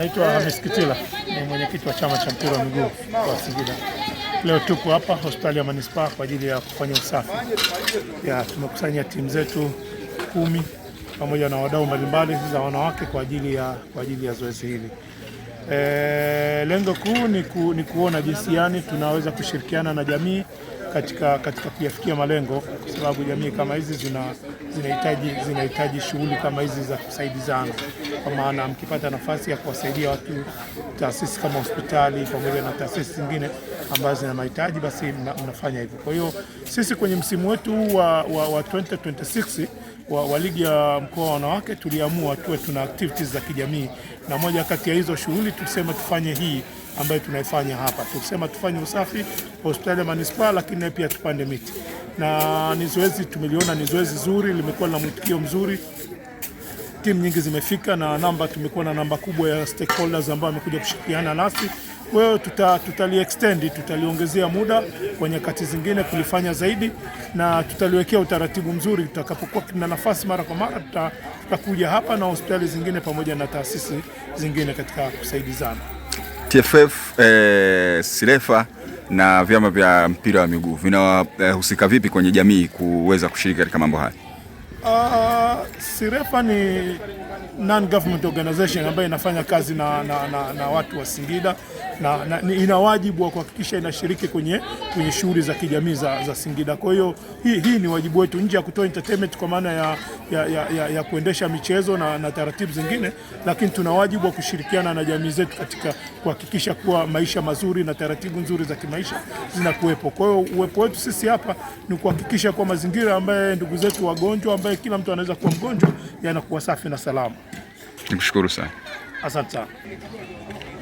Naitwa Hamis Kitila, ni mwenyekiti wa chama cha mpira wa miguu kwa Singida. Leo tuko hapa hospitali ya manispaa kwa ajili ya kufanya usafi. Ya tumekusanya timu zetu kumi pamoja na wadau mbalimbali za wanawake kwa ajili ya, kwa ajili ya zoezi hili. E, lengo kuu ni, ku, ni kuona jinsi gani tunaweza kushirikiana na jamii katika, katika kuyafikia malengo, kwa sababu jamii kama hizi zina zinahitaji zinahitaji shughuli kama hizi za kusaidizana, kwa maana mkipata nafasi ya kuwasaidia watu, taasisi kama hospitali pamoja na taasisi zingine ambazo zina mahitaji, basi mna, mnafanya hivyo. Kwa hiyo sisi kwenye msimu wetu huu wa, wa, wa 2026 wa, wa ligi ya mkoa wa wanawake tuliamua tuwe tuna activities za kijamii, na moja kati ya hizo shughuli tulisema tufanye hii ambayo tunaifanya hapa, tukisema tufanye usafi hospitali ya manispaa, lakini pia tupande miti, na ni zoezi tumeliona ni zoezi zuri, limekuwa na mwitikio mzuri timu nyingi zimefika na namba, tumekuwa na namba kubwa ya stakeholders ambao wamekuja kushirikiana nasi. Kwa hiyo tuta, tutaliextend tutaliongezea muda kwa nyakati zingine kulifanya zaidi, na tutaliwekea utaratibu mzuri. Tutakapokuwa na nafasi mara kwa mara, tutakuja hapa na hospitali zingine pamoja na taasisi zingine katika kusaidizana. TFF eh, Sirefa na vyama vya mpira wa miguu vinahusika eh, vipi kwenye jamii kuweza kushiriki katika mambo haya? Uh, Sirefa ni non government organization ambayo inafanya kazi na, na, na, na watu wa Singida na, na ina wajibu wa kuhakikisha inashiriki kwenye, kwenye shughuli za kijamii za, za Singida. Kwa hiyo hii, hi ni wajibu wetu nje ya kutoa entertainment kwa maana ya, ya, ya, ya kuendesha michezo na, na taratibu zingine, lakini tuna wajibu wa kushirikiana na jamii zetu katika kuhakikisha kuwa maisha mazuri na taratibu nzuri za kimaisha zinakuwepo. Kwa hiyo uwepo wetu sisi hapa ni kuhakikisha kwa mazingira ambaye ndugu zetu wagonjwa, ambaye kila mtu anaweza kuwa mgonjwa, yanakuwa safi na salama. Nikushukuru sana, asante sana.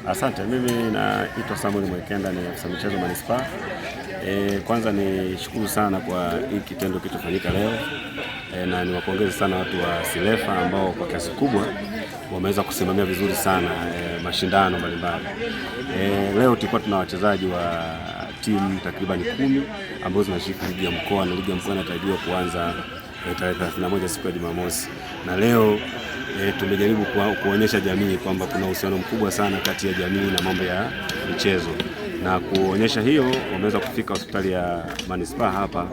Asante, mimi naitwa Samuel Mwekenda, ni afisa michezo manispaa. E, kwanza ni shukuru sana kwa hii kitendo kitofanyika leo e, na niwapongeze sana watu wa Silefa ambao kwa kiasi kubwa wameweza kusimamia vizuri sana e, mashindano mbalimbali. E, leo tulikuwa tuna wachezaji wa timu takribani kumi ambazo zinashiriki ligi ya mkoa na ligi ya mkoa inatarajiwa kuanza e, tarehe 31 siku ya Jumamosi na leo e, tumejaribu kuonyesha jamii kwamba kuna uhusiano mkubwa sana kati ya jamii na mambo ya michezo na kuonyesha hiyo, wameweza kufika hospitali ya manispaa hapa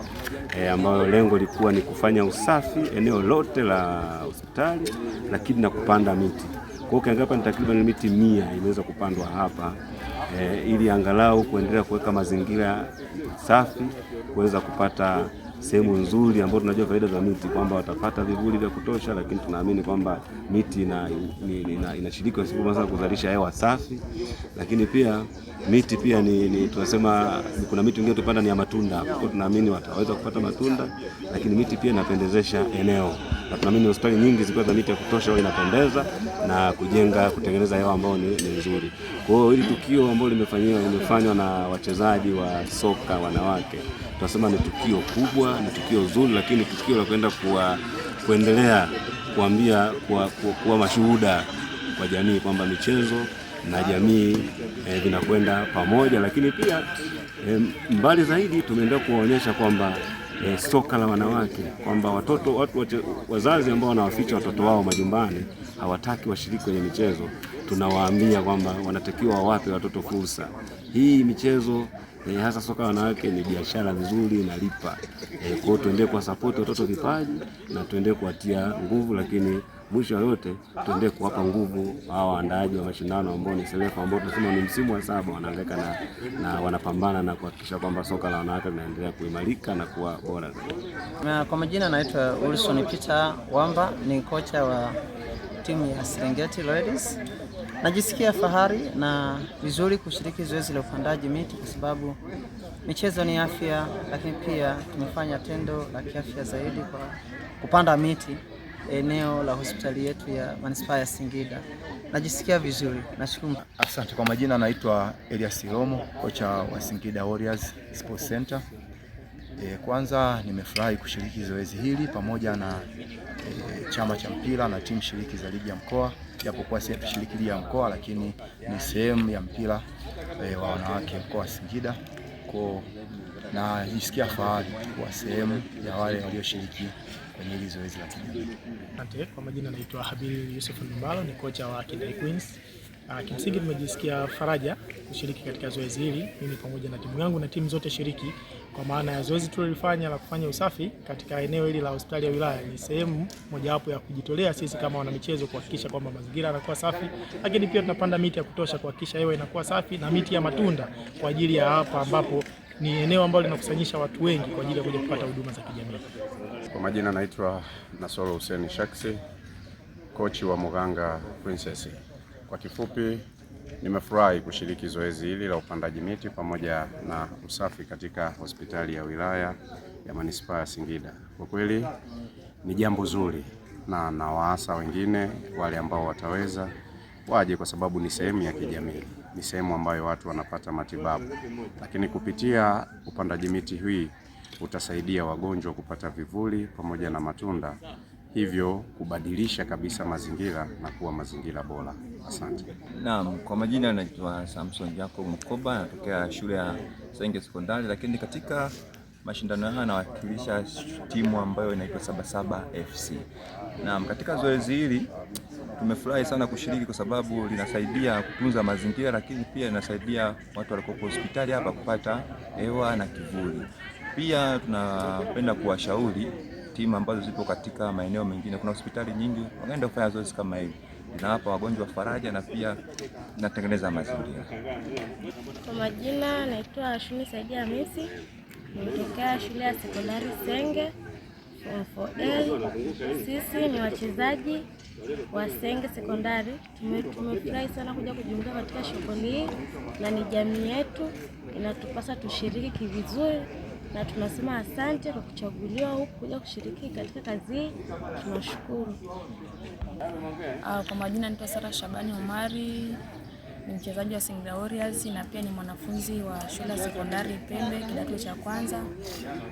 e, ambayo lengo lilikuwa ni kufanya usafi eneo lote la hospitali, lakini na kupanda miti. Kwa hiyo hapa ni takriban miti mia imeweza kupandwa hapa e, ili angalau kuendelea kuweka mazingira safi kuweza kupata sehemu nzuri ambayo tunajua faida za miti kwamba watapata vivuli vya kutosha, lakini tunaamini kwamba miti inashiriki ina, ina, ina sasa kuzalisha hewa safi, lakini pia miti pia ni, ni tunasema kuna miti mingine tupanda ni ya matunda, kwa tunaamini wataweza kupata matunda, lakini miti pia inapendezesha eneo na tunaamini hospitali nyingi zikiwa na miti ya kutosha huwa inapendeza na kujenga kutengeneza hewa ambayo ni, ni nzuri. Kwa hiyo hili tukio ambalo limefanywa limefanywa na wachezaji wa soka wanawake, tunasema ni tukio kubwa, ni tukio zuri, lakini tukio la kwenda kuwa, kuendelea kuambia kuwa, kuwa, kuwa mashuhuda kwa jamii kwamba michezo na jamii eh, vinakwenda pamoja, lakini pia eh, mbali zaidi tumeendelea kuwaonyesha kwamba e, soka la wanawake kwamba watoto watu wazazi ambao wanawaficha watoto wao majumbani hawataki washiriki kwenye michezo, tunawaambia kwamba wanatakiwa wawape watoto fursa hii michezo. e, hasa soka la wanawake ni biashara nzuri inalipa. lipa eh, kwa tuendee tuendelee kuwasapoti watoto vipaji na tuendelee kuwatia nguvu, lakini mwisho yote tuendelee kuwapa nguvu hawa waandaaji wa mashindano ambao ni Selefa ambao tunasema ni msimu wa saba wanaweka na, na wanapambana na kuhakikisha kwamba soka la wanawake linaendelea kuimarika na kuwa bora zaidi. Kwa majina naitwa Wilson Peter Wamba, ni kocha wa timu ya Serengeti Ladies. Najisikia fahari na vizuri kushiriki zoezi la upandaji miti kwa sababu michezo ni afya, lakini pia tumefanya tendo la kiafya zaidi kwa kupanda miti eneo la hospitali yetu ya manispaa ya Singida. Najisikia vizuri, nashukuru. Asante. Kwa majina anaitwa Elias Romo, kocha wa Singida Warriors Sports Center. E, kwanza nimefurahi kushiriki zoezi hili pamoja na e, chama cha mpira na timu shiriki za ligi ya mkoa, japokuwa si shiriki ligi ya mkoa, lakini ni sehemu ya mpira e, wa wanawake mkoa wa Singida ko najisikia fahari kuwa sehemu ya wale walioshiriki kwenye hili zoezi la kijamii. Asante. Kwa majina naitwa Habili Yusuf Ndumbalo, ni kocha wa Kidai Queens. Uh, kimsingi tumejisikia faraja kushiriki katika zoezi hili, mimi pamoja na timu yangu na timu zote shiriki, kwa maana ya zoezi tulilofanya la kufanya usafi katika eneo hili la hospitali ya wilaya ni sehemu mojawapo ya kujitolea sisi kama wanamichezo kuhakikisha kwamba mazingira yanakuwa safi, lakini pia tunapanda miti ya kutosha kuhakikisha hewa inakuwa safi na miti ya matunda kwa ajili ya hapa ambapo ni eneo ambalo linakusanyisha watu wengi kwa ajili ya kuja kupata huduma za kijamii. Kwa majina naitwa Nasoro Hussein Shaksi, kochi wa Muganga Princess. Kwa kifupi, nimefurahi kushiriki zoezi hili la upandaji miti pamoja na usafi katika hospitali ya wilaya ya manispaa ya Singida. Kwa kweli ni jambo zuri, na nawaasa wengine wale ambao wataweza waje, kwa sababu ni sehemu ya kijamii ni sehemu ambayo watu wanapata matibabu, lakini kupitia upandaji miti hii utasaidia wagonjwa kupata vivuli pamoja na matunda, hivyo kubadilisha kabisa mazingira na kuwa mazingira bora. Asante. Naam, kwa majina naitwa Samson Jacob Mkoba, natokea shule ya Senge Sekondari, lakini katika mashindano haya nawakilisha timu ambayo inaitwa Sabasaba FC. Naam, katika zoezi hili Tumefurahi sana kushiriki kwa sababu linasaidia kutunza mazingira, lakini pia linasaidia watu walioko hospitali hapa kupata hewa na kivuli. Pia tunapenda kuwashauri timu ambazo zipo katika maeneo mengine, kuna hospitali nyingi, wakaenda kufanya zoezi kama hili, inawapa wagonjwa faraja na pia natengeneza mazingira. Kwa majina naitwa Ashumi Saidia Hamisi, nimetokea shule ya sekondari Senge. Infodei. Sisi ni wachezaji wa Senge Sekondari, tumefurahi sana kuja kujiunga katika shughuli hii, na ni jamii yetu, inatupasa tushiriki kivizuri na tunasema asante kwa kuchaguliwa huku kuja kushiriki katika kazi hii, tunashukuru. Ah, kwa majina naitwa Sara Shabani Omari ni mchezaji wa Singida Warriors na pia ni mwanafunzi wa shule ya sekondari Pembe kidato cha kwanza.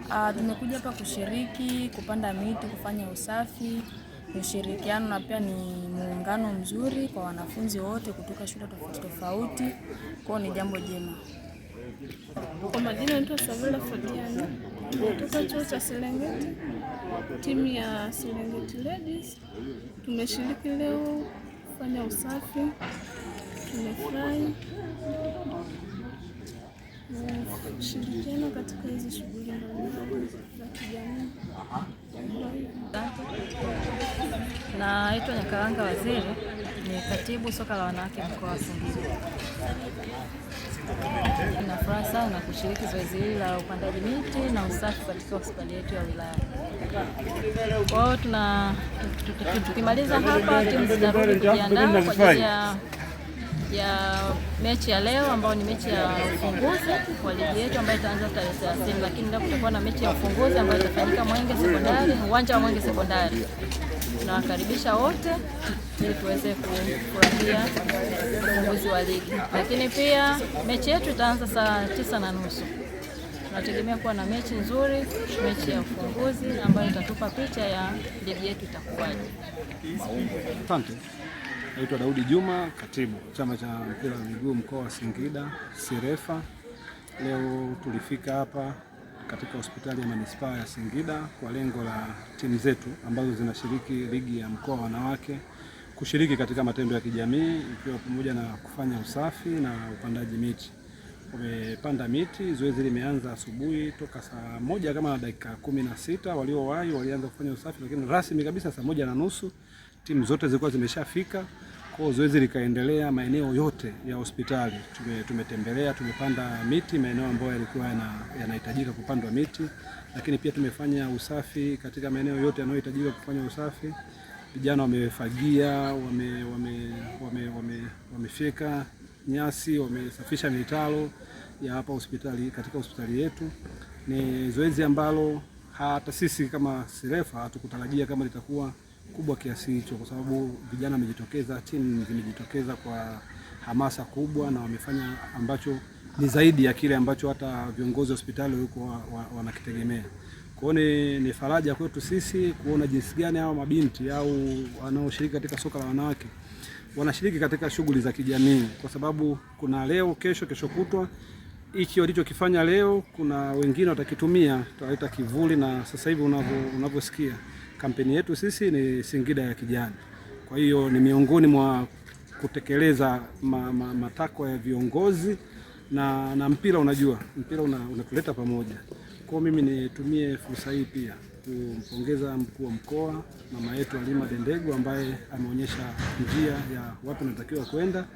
Uh, tumekuja hapa kushiriki kupanda miti, kufanya usafi, ushirikiano na pia ni muungano mzuri kwa wanafunzi wote kutoka shule tofauti tofauti, kwao ni jambo jema. Kwa majina naitwa Savela Fodiana kutoka chuo cha Serengeti, timu ya Serengeti Ladies. Tumeshiriki leo kufanya usafi tumefurahi kushirikiana katika hizi shughuli mbalimbali za kijamii. Naitwa Nyakaranga Waziri, ni katibu soka la wanawake mkoa wa Singida. Nina furaha sana kushiriki zoezi hili la upandaji miti na usafi katika hospitali yetu ya wilaya. Kwa hiyo tuna tukimaliza hapa, timu zinarudi kujiandaa kwa ajili ya ya mechi ya leo ambayo ni mechi ya ufunguzi kwa ligi yetu ambayo itaanza tarehe 30, lakini ndio kutakuwa na mechi ya ufunguzi ambayo itafanyika Mwenge Sekondari, uwanja wa Mwenge Sekondari. Tunawakaribisha wote ili tuweze kufurahia ufunguzi wa ligi, lakini pia mechi yetu itaanza saa tisa na nusu. Tunategemea kuwa na mechi nzuri, mechi ya ufunguzi ambayo itatupa picha ya ligi yetu itakuwaje. Asante. Naitwa Daudi Juma, katibu chama cha mpira wa miguu mkoa wa Singida Sirefa. Leo tulifika hapa katika hospitali ya manispaa ya Singida kwa lengo la timu zetu ambazo zinashiriki ligi ya mkoa wa wanawake kushiriki katika matendo ya kijamii ikiwa pamoja na kufanya usafi na upandaji miti. Wamepanda miti, zoezi limeanza asubuhi toka saa moja kama na dakika kumi na sita. Waliowahi walianza kufanya usafi, lakini rasmi kabisa saa moja na nusu timu zote zilikuwa zimeshafika kwa zoezi likaendelea maeneo yote ya hospitali tume, tumetembelea tumepanda miti maeneo ambayo yalikuwa yanahitajika yana kupandwa miti, lakini pia tumefanya usafi katika maeneo yote yanayohitajika kufanya usafi. Vijana wamefagia, wamefyeka wame, wame, wame, wame nyasi, wamesafisha mitalo ya hapa hospitali, katika hospitali yetu. Ni zoezi ambalo hata sisi kama Sirefa hatukutarajia kama litakuwa kubwa kiasi hicho, kwa sababu vijana wamejitokeza, timu zimejitokeza kwa hamasa kubwa na wamefanya ambacho ni zaidi ya kile ambacho hata viongozi wa hospitali huko wanakitegemea. Kwa hiyo ni faraja kwetu sisi kuona jinsi gani hao mabinti au wanaoshiriki katika soka la wanawake wanashiriki katika shughuli za kijamii, kwa sababu kuna leo, kesho, kesho kutwa, hichi walichokifanya leo, kuna wengine watakitumia, tutaleta kivuli, na sasa hivi unavyosikia Kampeni yetu sisi ni Singida ya Kijani. Kwa hiyo ni miongoni mwa kutekeleza ma, ma, matakwa ya viongozi na, na mpira unajua mpira unatuleta una pamoja. Kwa mimi nitumie fursa hii pia kumpongeza mkuu wa mkoa mama yetu Halima Dendego ambaye ameonyesha njia ya wapi natakiwa kwenda,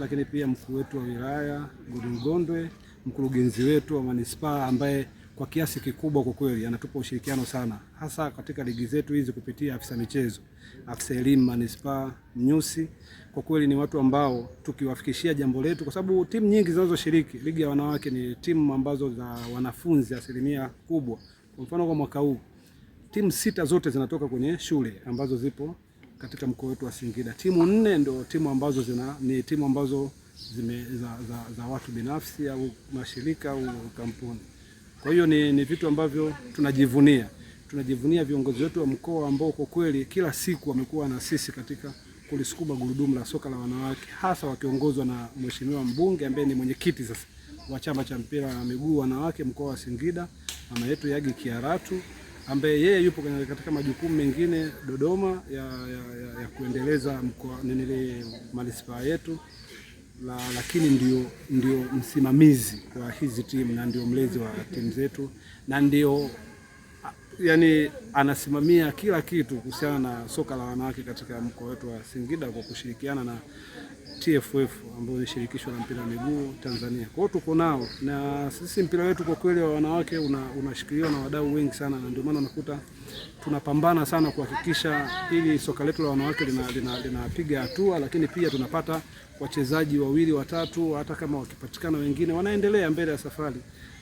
lakini pia mkuu wetu wa wilaya Godongondwe, mkurugenzi wetu wa manispaa ambaye kwa kiasi kikubwa kwa kweli anatupa ushirikiano sana, hasa katika ligi zetu hizi kupitia afisa michezo, afisa elimu manispaa, mnyusi. Kwa kweli ni watu ambao tukiwafikishia jambo letu, kwa sababu timu nyingi zinazoshiriki ligi ya wanawake ni timu ambazo za wanafunzi asilimia kubwa. Kwa mfano kwa mwaka huu timu sita zote zinatoka kwenye shule ambazo zipo katika mkoa wetu wa Singida. Timu nne ndio timu ambazo zina, ni timu ambazo zime, za, za, za watu binafsi au mashirika au kampuni. Kwa hiyo ni, ni vitu ambavyo tunajivunia tunajivunia viongozi wetu wa mkoa ambao kwa kweli kila siku wamekuwa na sisi katika kulisukuma gurudumu la soka la wanawake, hasa wakiongozwa na mheshimiwa mbunge ambaye ni mwenyekiti sasa wa chama cha mpira wa miguu wanawake mkoa wa Singida, mama yetu Yagi Kiaratu, ambaye yeye yupo katika majukumu mengine Dodoma ya, ya, ya, ya kuendeleza mkoa manispaa yetu la, lakini ndio, ndio msimamizi wa hizi timu na ndio mlezi wa timu zetu na ndio yani anasimamia kila kitu kuhusiana na soka la wanawake katika mkoa wetu wa Singida kwa kushirikiana na TFF ambayo ni shirikisho la mpira wa miguu Tanzania. Kwa hiyo tuko nao na sisi, mpira wetu kwa kweli wa wanawake unashikiliwa una na wadau wengi sana, na ndio maana unakuta tunapambana sana kuhakikisha ili soka letu la wanawake linapiga lina, lina hatua, lakini pia tunapata wachezaji wawili watatu, hata kama wakipatikana wengine wanaendelea mbele ya safari,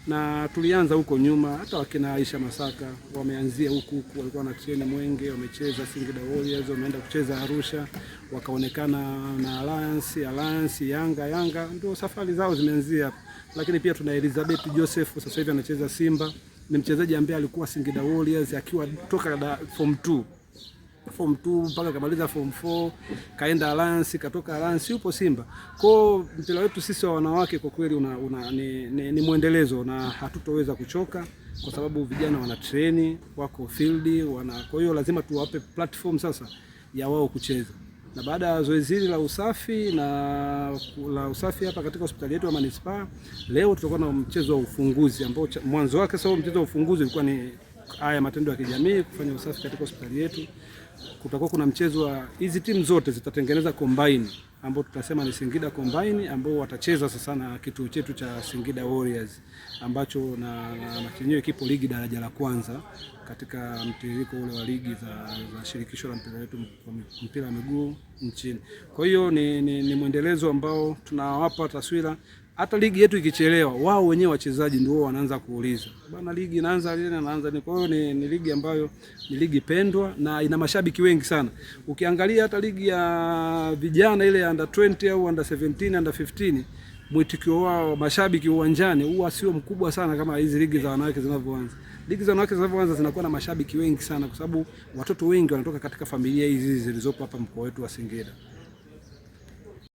na tulianza huko nyuma, hata wakina Aisha Masaka wameanzia huku huku, walikuwa na treni Mwenge, wamecheza Singida Warriors, wameenda kucheza Arusha, wakaonekana na Alliance Alliance, Yanga Yanga, ndio safari zao zimeanzia. Lakini pia tuna Elizabeth Joseph, sasa hivi anacheza Simba, ni mchezaji ambaye alikuwa Singida Warriors akiwa toka form 2 form 2 mpaka kamaliza form 4, kaenda Alliance, katoka Alliance, yupo Simba. Kwao mpira wetu sisi wa wanawake kwa kweli una, una, ni, ni, ni mwendelezo na hatutoweza kuchoka kwa sababu vijana wana treni wako field wana, kwa hiyo lazima tuwape platform sasa ya wao kucheza na baada ya zoezi hili la usafi na la usafi hapa katika hospitali yetu ya manispaa, leo tutakuwa na mchezo wa ufunguzi ambao mwanzo wake sasa, mchezo wa ufunguzi ulikuwa ni haya matendo ya kijamii, kufanya usafi katika hospitali yetu. Kutakuwa kuna mchezo wa hizi timu zote zitatengeneza combine ambao tutasema ni Singida Combine ambao watacheza sasa na kituo chetu cha Singida Warriors ambacho na, na, na chenyewe kipo ligi daraja la kwanza katika mtiririko ule wa ligi za, za shirikisho la mpira wetu mpira wa miguu nchini. Kwa hiyo ni, ni, ni mwendelezo ambao tunawapa taswira hata ligi yetu ikichelewa, wao wenyewe wachezaji ndio wanaanza kuulizwa bwana, ligi inaanza lini? Inaanza ni. Kwa hiyo ni, ni ligi ambayo ni ligi pendwa na ina mashabiki wengi sana. Ukiangalia hata ligi ya vijana ile ya under 20 au under 17, under 15 mwitikio wao mashabiki uwanjani huwa sio mkubwa sana kama hizi ligi za wanawake zinavyoanza. Ligi za wanawake zinavyoanza zinakuwa na mashabiki wengi sana, kwa sababu watoto wengi wanatoka katika familia hizi zilizopo hapa mkoa wetu wa Singida.